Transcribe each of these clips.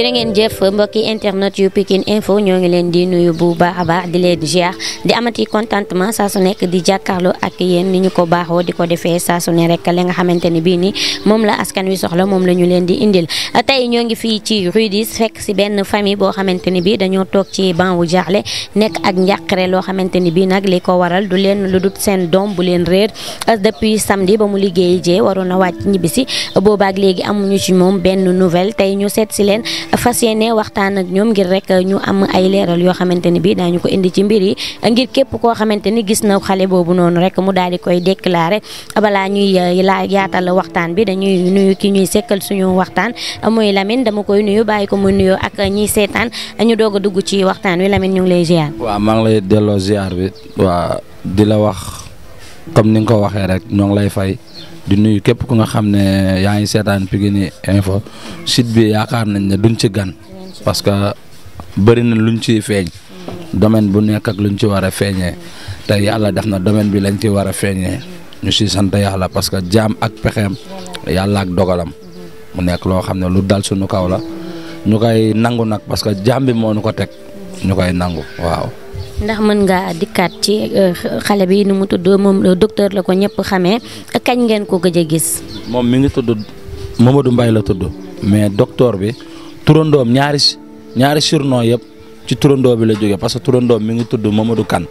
jërë ngeen jëf mbokki internet yu Pikine Info ñoo ngi leen di nuyu bu baax a baax di leen ziar di amati contentement saa su nekk di jàkkaarloo ak yéen ni ñu ko baaxoo di ko defee saa su ne rek li nga xamante ne bii ni moom la askan wi soxla moom la ñu leen di indil tey ñoo ngi fii ci rue 10 fekk si benn famille boo xamante ne bii dañoo toog ci ban wu jaaxle nekk ak njàqare loo xamante ni bii nag li ko waral du leen lu dut seen doom bu leen réer depuis samedi ba mu liggéey jee waroon a wàcc ñibbisi boobaak léegi amuñu ci moom benn nouvelle tey ñu seet si leen fas yéene waxtaan ak ñoom ngir rek ñu am ay leeral yoo xamante ni bi daañu ko indi ci mbir yi ngir képp koo xamante ni gis na xale boobu noonu rek mu daal di koy déclaré balaa ñuy eh, laa yaatal waxtaan bi dañuy nuyu ki ñuy sekkal suñu waxtaan muy lamin dama koy nuyu bàyyi ko mu nuyoo ak ñiy seetaan ñu doog dugg ci waxtaan wi Lamine ñu ngi lay ziar. waaw maa ngi lay delloo ziar bi. waa di la wax comme ni nga ko waxee rek ñoo ngi lay fay. di nuyu képp ku nga xam ne yaa ngi seetaan Pikine info site bi yaakaar nañ ne duñ ci gan parce que bëri na luñ ciy feeñ domaine bu nekk ak luñ ci war a feeñee te yàlla def na domaine bi lañ ci war a feeñee ñu si sant yàlla parce que jaam ak pexeem yàlla ak dogalam mu nekk loo xam ne lu dal suñu kaw la ñu koy nangu nag parce que jaam bi moo nu ko teg ñu koy nangu waaw. ndax mën ngaa dikkaat ci euh, xale bi ni mu tudd moom euh, docteur la ko ñëpp xamee kañ ngeen ko gëj a gis. moom mi ngi tudd Mamadou mbay la tudd mais docteur bi turandoom ñaari ñaari surnom yëpp ci turandoo bi la jógee parce que turandoom mi ngi tudd Mamadou kan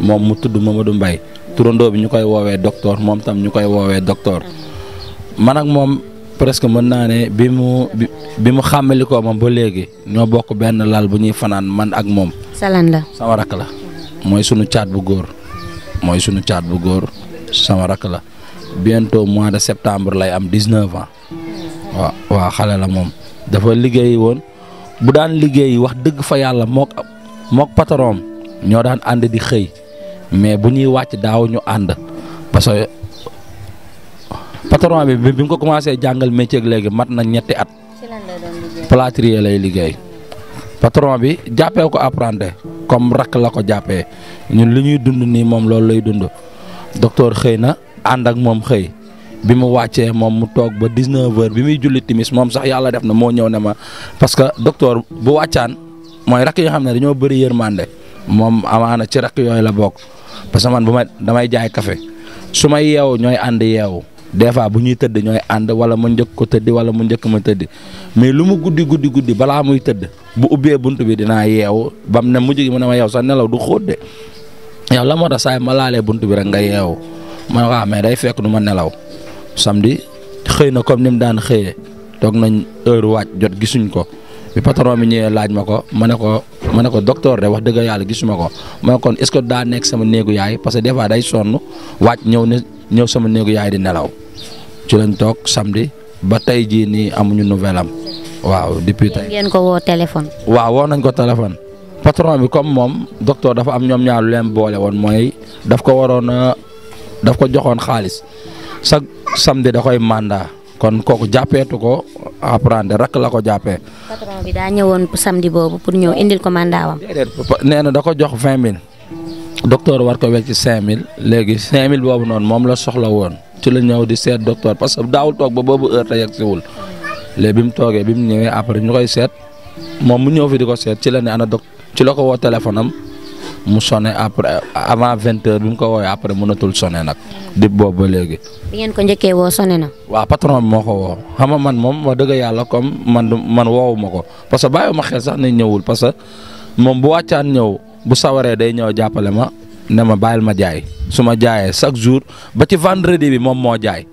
moom mu tudd Mamadou Mbaye turandoo bi ñu koy woowee docteur moom tam ñu koy woowee docteur man ak moom. presque mën naa ne bi mu bi mu xàmmali ko ma ba léegi ñoo bokk benn laal bu ñuy fanaan man ak moom. salan la sama rakk la. mooy suñu caat bu góor. mooy sunu caat bu góor sama rakk la bientôt mois de septembre lay am dix-neuf ans waaw waaw xale la moom dafa liggéey woon bu daan liggéey wax dëgg fa yàlla mook mook patron ñoo daan ànd di xëy mais bu ñuy wàcc daaw ñu ànd patron bi bi mu ko commencé jàngal métier ak léegi mat na ñetti at. ci lan lay liggéey. patron bi jàppee ko apprenti comme rakk la ko jàppee ñun lu ñuy dund nii moom loolu lay dund docteur xëy na ànd ak moom xëy. bi mu wàccee moom mu toog ba 19h bi muy julli timis moom sax yàlla def na moo ñëw ne ma parce que docteur bu wàccaan mooy rakk yoo xam ne dañoo bëri yërmande moom amaana ci rakk yooyu la bokk parce que man bu ma damay jaay kafe su may yeewu ñooy ànd des fois bu ñuy tëdd ñooy ànd wala ma njëkk ko tëdd wala mu njëkk ma tëdd mais lu mu guddi guddi guddi balaa muy tëdd bu ubbee bunt bi dinaa yeewu ba mu ne mujj gi mu ne ma yow sa nelaw du xóot de yow la moo tax saa yi ma laalee bunt bi rek nga yeewu ma ne ko ah mais day fekk du ma nelaw samedi xëy na comme ni mu daan xëyee toog nañ heure jot gisuñ ko bi patron bi ñëwee laaj ma ko ma ne ko ma ne ko docteur de wax dëgg yàlla gisuma ko ma ne kon est-ce que daa nekk sama néegu yaay parce que des fois day sonn waaj ñëw ne ñëw sama néegu yaay di nelaw. ci lañ tok samedi ba tay ji ni amuñu nouvelle am waaw depuis tay ngeen ko wo téléphone. waaw wo nañ ko téléphone. patron bi comme mom docteur dafa am ñom ñaar lu leen boole won moy daf ko warona daf ko joxone xaalis sa samedi da koy mandat kon koku jappetu ko apprendre rak la ko jappé patron bi daa ñëwoon samedi bobu pour ñew indil ko mandat wam neena da ko jox 20000 docteur war ko wecc cinq mille léegi cinq mille boobu noonu la soxla won ci la ñëw di sét docteur parce que daawul tok ba bobu heure tay ak léegi bi mu toogee bi mu ñëwee après ñu sét mom mu ñëw fi diko sét ci la né ana doc ci lako wo woo téléphone am mu sonné après avant 20h bim ko woy après mu natul sonné nak di bobu légui di ngeen ko njëkkee wo sonné na. wa patron bi moo ko woo xam man mom wa dëgg yàlla comme man man woowu ko parce que bayu ma xé sax né ñëwul parce que mom bu wàccaan ñëw bu sawaré day ñëw jappalé ma ne ma bàyyil ma jaay su ma jaayee chaque jour ba ci vendredi bi moom moo jaay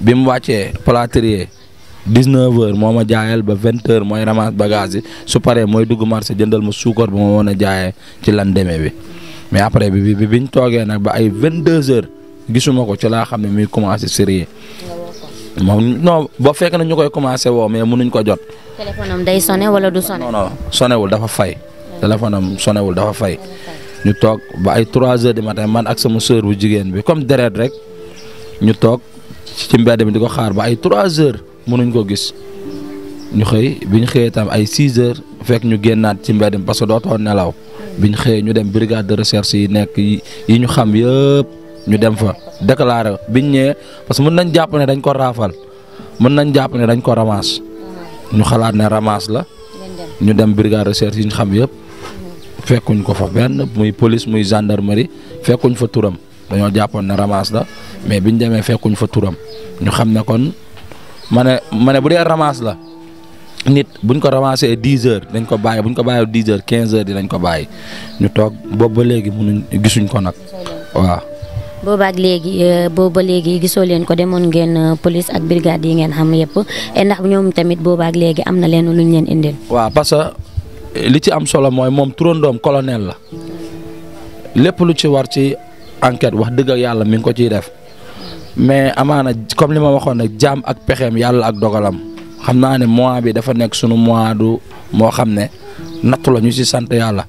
bi mu wàccee plâtrier 19h moo ma jaayal ba 20h mooy ramasse bagage yi su paree mooy dugg marché jëndal ma suukar bu ma mën a jaayee ci lan demee bi mais après bi bi biñ toogee nag ba ay deux h gisuma ko ci laa xam ne muy commencé sérieux moom non boo fekk na ñu koy commencé woo mais mënuñ ko jot. téléphone wala du sonné. non non wul dafa fay. téléphone sonewul dafa fay. ñu tok ba ay 3h du matin man ak sama sœur bu jigen bi comme dérèd rek ñu tok ci mbéd mi diko xaar ba ay 3h mënuñ ko gis ñu xey biñ xey tam ay 6h fekk ñu gennat ci mbéd mi parce que doto nelaw biñ xey ñu dem brigade de recherche yi nek yi ñu xam yépp ñu dem fa déclarer biñ ñé parce que mën nañ japp né dañ ko rafal mën nañ japp né dañ ko ramasse ñu xalaat né ramasse la ñu dem brigade de recherche yi ñu xam yépp fekkuñ ko fa benn muy police muy gendarmerie fekkuñ fa turam dañoo jàppoon ne ramasse la mais biñ demee fekkuñ fa turam ñu xam ne kon ma ne ma ne bu dee ramasse la nit buñ ko ramassé dix heures dañ ko bàyyi buñ ko bàyyi dix heures quinze heures dinañ ko bàyyi ñu toog boobu ba léegi mënuñ gisuñ ko nag waaw. boobaak léegi euh, booba léegi gisoo leen ko demoon ngeen euh, police ak brigade yi ngeen xam yëpp ndax ñoom tamit boobaak léegi am na leen luñ leen indil. waaw parce que li ci am solo mooy moom turandoom colonel la lépp lu ci war ci enquête wax dëgg ak yàlla mi ngi ko ciy def mais amaana comme li ma waxoon nag jaam ak pexeem yàlla ak dogalam xam naa ne mois bi dafa nekk sunu mois du moo xam ne nattu la ñu ci sant yàlla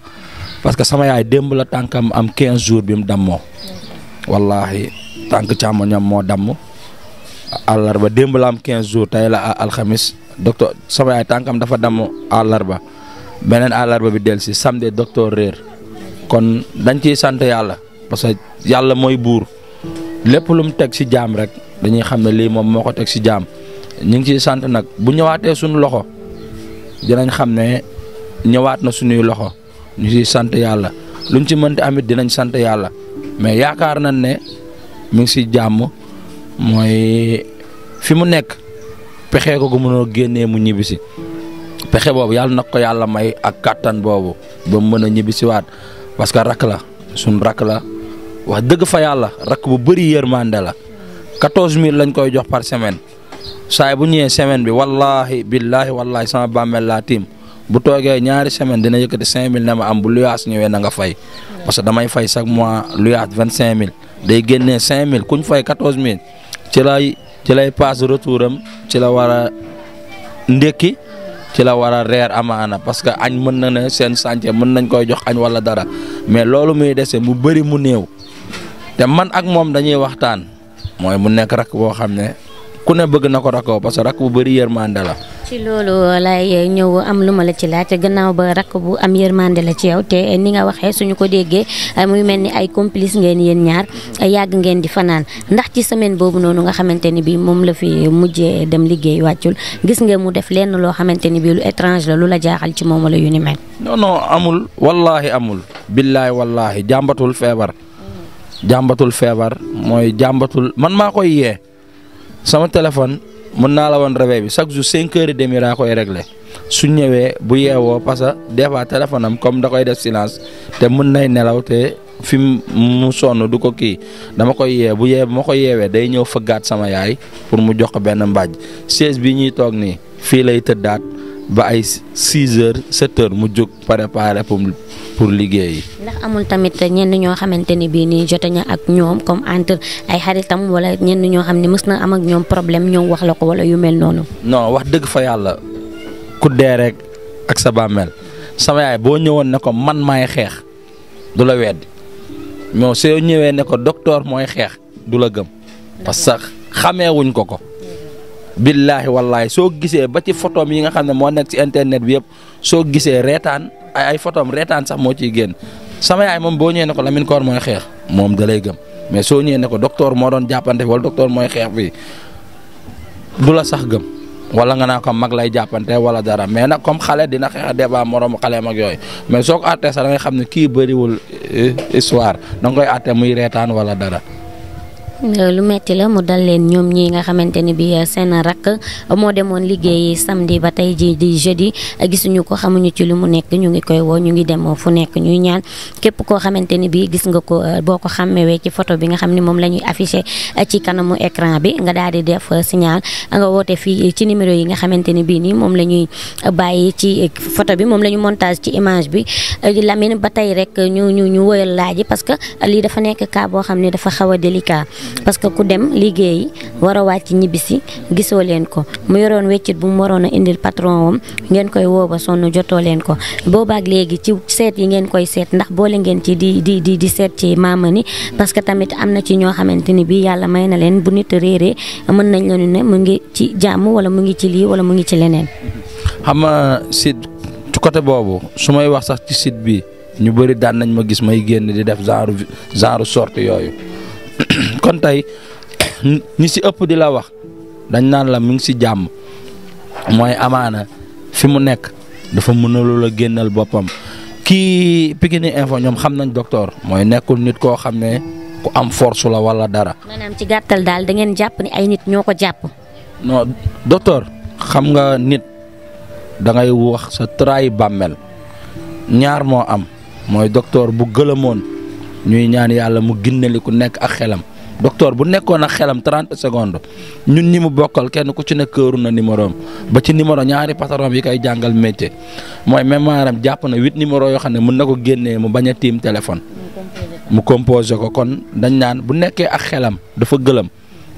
parce que sama yaay démb la tànkam am 15 jours bi mu damoo wallaahi tànk càmmoñam moo damm àllarba démb la am 15 jours tey la alxamis docteur sama yaay tànkam dafa damm àllarba. beneen àllarba bi del si samedi docteur réer kon dañ ciy sant yàlla parce que yàlla mooy buur lépp lu mu teg ci jaam rek dañuy xam ne lii moom moo ko teg si jaam ñu ngi ciy sant nag bu ñëwaatee suñu loxo dinañ xam ne ñëwaat na suñuy loxo ñu ciy sant yàlla luñ ci mënti amit dinañ sant yàlla mais yaakaar nañ ne mu ngi si jàmm mooy fi mu nekk pexee ko gu mënoo génnee mu ñibbisi pexe boobu yàlla na ko yàlla may ak kàttan boobu ba mu mën a ñibbisiwaat parce que rakk la suñ rakk la wax dëgg fa yàlla rakk bu bëri yërmande la 14000 lañ koy jox par semaine saay bu ñëwee semaine bi wallaahi billaahi wallaahi sama bàmmeel laa tiim bu toogee ñaari semaine dina yëkkati 5000 ne ma am bu luyaas ñëwee na nga fay parce que damay fay chaque mois luyaas 25000 day génnee 5000 kuñ fay 14000 mille lay ci lay passe retour am ci la war ci la war a reer amaana parce que añ mën na ne seen sànce mën nañ koy jox añ wala dara mais loolu muy dese mu bëri mu néew te man ak moom dañuy waxtaan mooy mu nekk rakk woo xam ne ku ne bëgg na ko rakkoo parce que rakk bu bëri yërmande la ci loolu lay ñëw am lu ma la ci laaj gannaaw ba rakk bu am yërmande la ci yow te ni nga waxee suñu ko déggee euh, muy mel ni ay complice ngeen yéen ñaar euh, yàgg ngeen di fanaan ndax ci semaine boobu noonu nga xamante ni bii moom la fi mujjee dem liggéey wàccul gis nga mu def lenn loo xamante ni bi lu étrange la lu la jaaxal ci moom la yu ni mel non amul wallaahi amul billaahi wallaahi jàmbatul feebar jàmbatul feebar mooy jàmbatul man maa mën naa la woon réveil bi chaque jour cinq heures et demi laa koy réglé su ñëwee bu yeewoo parce que des fois téléphone am comme da koy def silence te mën nay nelaw te fi mu sonn du ko kii dama koy yee bu yee bu ma ko yeewee day ñëw fëggaat sama yaay pour mu jox ko benn mbaaj chaise bi ñuy toog nii fii lay tëddaat. ba ay 6 heures 7 heures mu jóg préparé pour pour liggéey. ndax amul tamit ñenn ñoo xamante ni bii nii jote na ak ñoom comme entre ay xaritam wala ñenn ñoo xam ne mës na am ak ñoom problème ñoom wax la ko wala yu mel noonu. non wax dëgg fa yàlla ku dee rek ak sa bàmmeel sama yaay boo ñëwoon ne ko man maay xeex du la wedd moo soo ñëwee ne ko docteur mooy xeex du la gëm. parce que xamee ko ko. billaahi wallaahi soo gisee ba ci photom yi nga xam ne moo nekk ci internet bi yëpp soo gisee reetaan ay ay photom reetaan sax moo ciy génn sama yaay moom boo ñëwee ko Lamine Koor mooy xeex moom da lay gëm mais soo ñëwee ne ko docteur moo doon jàppante wala docteur mooy xeex bi du la sax gëm wala nga naa ko mag lay jàppante wala dara mais nag comme xale dina xeex débat moroomu xale mag yooyu mais soo ko àttee sax da xam ne kii bëriwul eh, histoire da koy àttee muy reetaan wala dara. Euh, lu metti la mu dal leen ñoom ñi nga xamante ni bi euh, seen rakk moo demoon liggéey samedi ba tey ji di jeudi euh, gisuñu ko xamuñu ci lu mu nekk ñu ngi koy woo ñu ngi dem fu nekk ñu ñaan képp koo xamante ni bi gis nga ko boo ko xàmmewee ci photo bi nga xam ne moom la ñuy affiché ci kanamu écran bi nga daal di def signal nga woote fii ci numéro yi nga xamante ni bii nii moom la ñuy bàyyi ci photo bi moom lañu ñu montage ci image bi Lamine ba tey rek ñu ñu ñu woyal laaj parce que lii dafa nekk cas boo xam ne dafa xaw a délicat parce que ku dem liggéey war a wàcc ñibbisi gisoo leen ko mu yoroon weccit bu mu waroon a indil patron wam ngeen koy woo ba sonn jotoo leen ko boobaak léegi ci seet yi ngeen koy seet ndax boole ngeen ci di di di di seet ci maama ni parce que tamit am na ci ñoo xamante ni bii yàlla may na leen bu nit réeree mën nañ la ni ne mu ngi ci jàmm wala mu ngi ci lii wala mu ngi ci leneen. xam nga site boobu su may wax sax ci site bi ñu bëri daan nañ ma gis may génn di def genre genre sorte yooyu. kon tay ni ci ëpp di la wax dañ nan la mi ngi si moy amana fi mu nek dafa mënalul la génnal bopam ki Pikini Info ñom xam nañ docteur moy nekul nit ko xamne ne ku am force la wala dara. manam ci gattal dal da ngeen japp ni ay nit ñoko japp no docteur xam nga nit da ngay wax sa tray bammel ñaar mo am moy docteur bu gëlëmoon ñuy ñaan yalla mu ginnali ku nek ak xelam. docteur bu nekkoon ak xelam 30 secondes ñun ñi mu bokkal kenn ku ci nekk këru na numéro am ba ci numéro ñaari patron yi kay jàngal métier mooy même maanaam jàpp na huit numéro yoo xam ne mën na ko génnee mu bañ a tiim téléphone. mu composé ko kon dañ naan bu nekkee ak xelam dafa gëlëm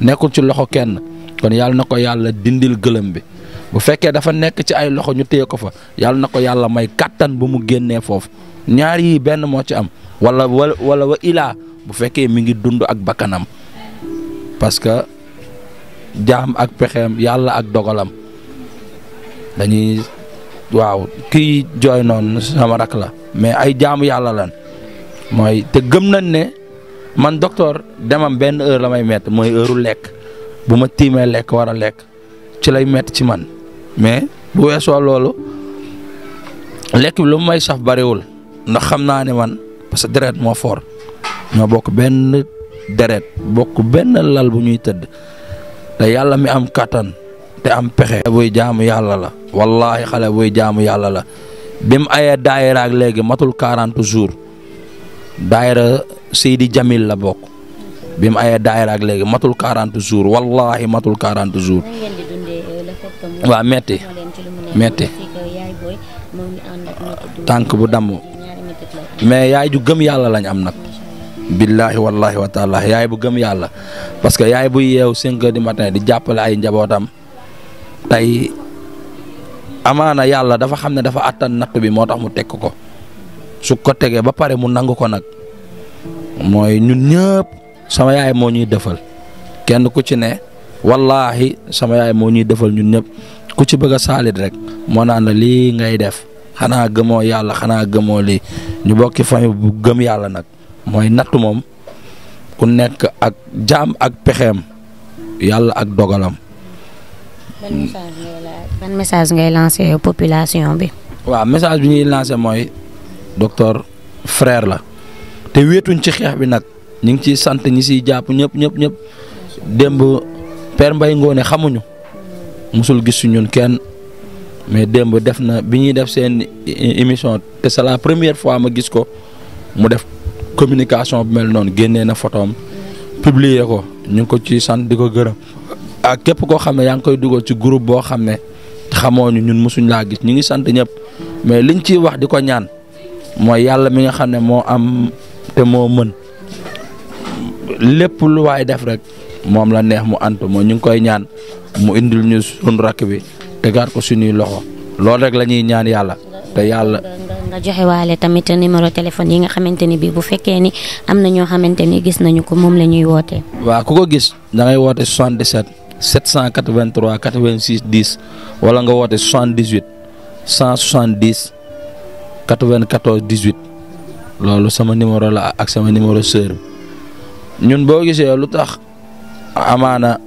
nekkul ci loxo kenn kon yàlla na ko yàlla dindil gëlëm bi. bu fekkee dafa nekk ci ay loxo ñu téye ko fa yàlla na ko yàlla may kàttan bu mu génnee foofu ñaar yi benn moo ci am wala wala wala wa ilaa bu fekkee mi ngi dund ak bakkanam parce que jaam ak pexeem yàlla ak dogalam dañuy waaw kii jooy noonu sama rak la mais ay jaamu yàlla lan mooy te gëm nañ ne man docteur demam benn heure la may mett mooy heure lekk bu ma tiimee lekk war a lekk ci lay mett ci man mais bu weesoo loolu lekk lu mu may saf bariwul ndax xam naa ne man parce que deret moo foor ñoo bokk benn deret bokk benn lal bu ñuy tëdd te yàlla mi am kàttan te am pexe. xale buy jaamu yàlla la wallaahi xale buy jaamu yàlla la bim ayee daayira ak léegi matul 40 jours daayira Seydi Jamil la bokk bim ayee daayira ak léegi matul 40 jours wallaahi matul 40 jours. Euh, waaw metti metti tànk bu damm mais yaay ju gëm yàlla lañ am nag. billaahi wallaahi wa taala yaay bu gëm yàlla parce que yaay bu yeew cinq di du matin di jàppale ay njabootam tey amaana yàlla dafa xam ne dafa àttan natt bi moo tax mu teg ko su ko tegee ba pare mu nangu ko nag mooy ñun ñëpp sama yaay moo ñuy defal kenn ku ci ne wallaahi sama yaay moo ñuy defal ñun ñëpp ku ci bëgg a saalit rek moo naan la lii ngay def. xanaa gëmoo yàlla xanaa gëmoo lii ñu bokki famille bu gëm yàlla nag mooy nattu moom ku nekk ak jaam ak pexeem yàlla ak dogalam. message ngay la ban lancé population bi. waaw message bi ñuy lancé mooy docteur frère la te wéetuñ ci xeex bi nag ñu ngi ciy sant ñi siy jàpp ñëpp ñëpp ñëpp démb Père Mbaye Ngoone xamuñu musul gis kenn. mais démb def na bi ñuy def seen émission te c'est la première fois ma gis ko mu def communication bu mel noonu génnee na photo am publier ko ñu ngi ko ci sant di ko gërëm ak képp koo xam ne yaa ngi koy dugal ci groupe boo xam ne xamoo ñu ñun mosuñ laa gis ñu ngi sant ñëpp mais liñ ciy wax di ko ñaan mooy yàlla mi nga xam ne moo am te moo mën lépp lu waay def rek moom la neex mu antu moo ñu ngi koy ñaan mu indil ñu suñu rakk bi tegaat ko suñuy loxo loolu rek la ñuy ñaan yàlla te yàlla. nga joxe waale tamit numéro téléphone yi nga xamante ni bii bu fekkee ni am na ñoo xamante ni gis nañu ko moom la ñuy wootee. waa ku ko gis da ngay woote 77 783 86 10 wala nga woote 78 170 94 18 loolu sama numéro la ak sama numéro sœur ñun boo gisee lu tax amaana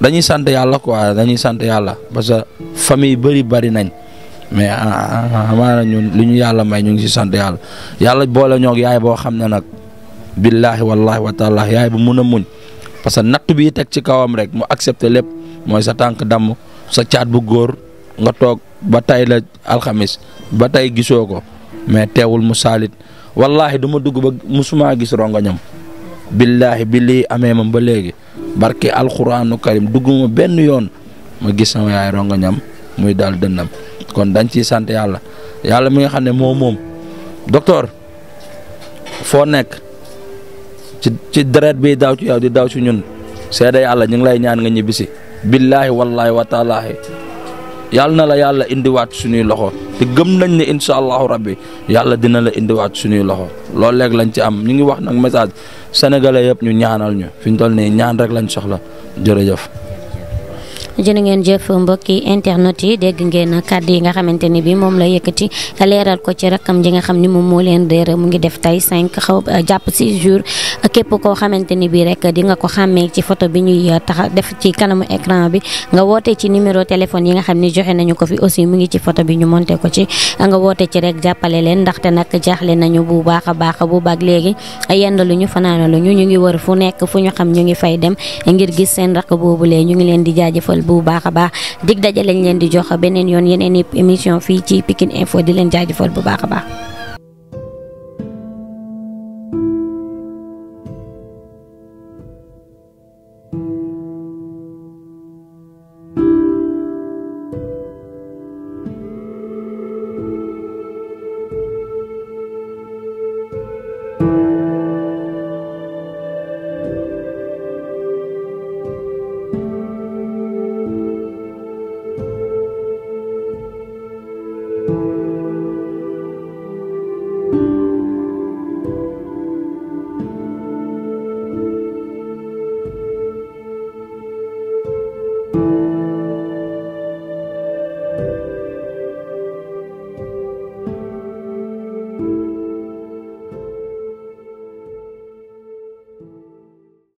dañuy sant yàlla quoi dañuy sant yàlla parce que famille bëri bari nañ mais ah, ah, ah, amaana ñun li ñu yàlla may ñu ngi si sant yàlla yàlla boole ñoog yaay boo xam ne nag billaahi wallaahi wa taala yaay bu mun a muñ parce que natt bi teg ci kawam rek mu accepté lépp mooy sa tànk damm sa caat bu góor nga toog ba tey la alxamis ba tey gisoo ko mais teewul mu saalit wallaahi duma dugg ba musumaa gis rongoñam billaahi bi lii amee ma ba léegi barke alxuraanu karim dugguma benn yoon ma gis sama yaay rongoñam muy daal dënnam kon dañ ciy sant yàlla yàlla mi nga xam ne moom moom docteur foo nekk ci ci deret bi daaw ci yaw di daaw ci ñun seede yàlla ñu ngi lay ñaan nga ñibbisi billaahi wallaahi wa taalaahi yàlla na la yàlla indiwaat suñuy loxo te gëm nañ ne incha allahu rabbi yàlla dina la indiwaat suñuy loxo loolu léegi lañ ci am ñu ngi wax nag message sénégalais yëpp ñu ñaanal ñu fi ñu toll nii ñaan rek lañ soxla jërëjëf. jeune ngeen mbokk yi internet yi deg ngeen kàddu yi nga xamanteni bi mom la yëkkati leral ko ci rakam ji nga xamni mom mo moo leen réer mu ngi def tay 5 xaw japp 6 jours képp ko xamanteni bi rek di nga ko xamé ci photo bi ñuy euh, tax def ci kanamu écran bi nga woté ci numéro téléphone yi nga xamni joxé nañu ko fi aussi mu ngi ci photo bi ñu monté ko ci nga woté ci rek jàppale leen ndaxte nak jaxlé nañu bu baaxa baaxa bu baag légui yend lu ñu fanaana lu ñu ñu ngi wër fu nekk fu ñu xam ñu ngi fay dem ngir gis seen rak bobu lé ñu ngi leen di jaajëfal bu baax a baax dig daje lañ di jox beneen yoon yeneen i émission fii ci Pikine Info di leen jaajëfal bu baax a baax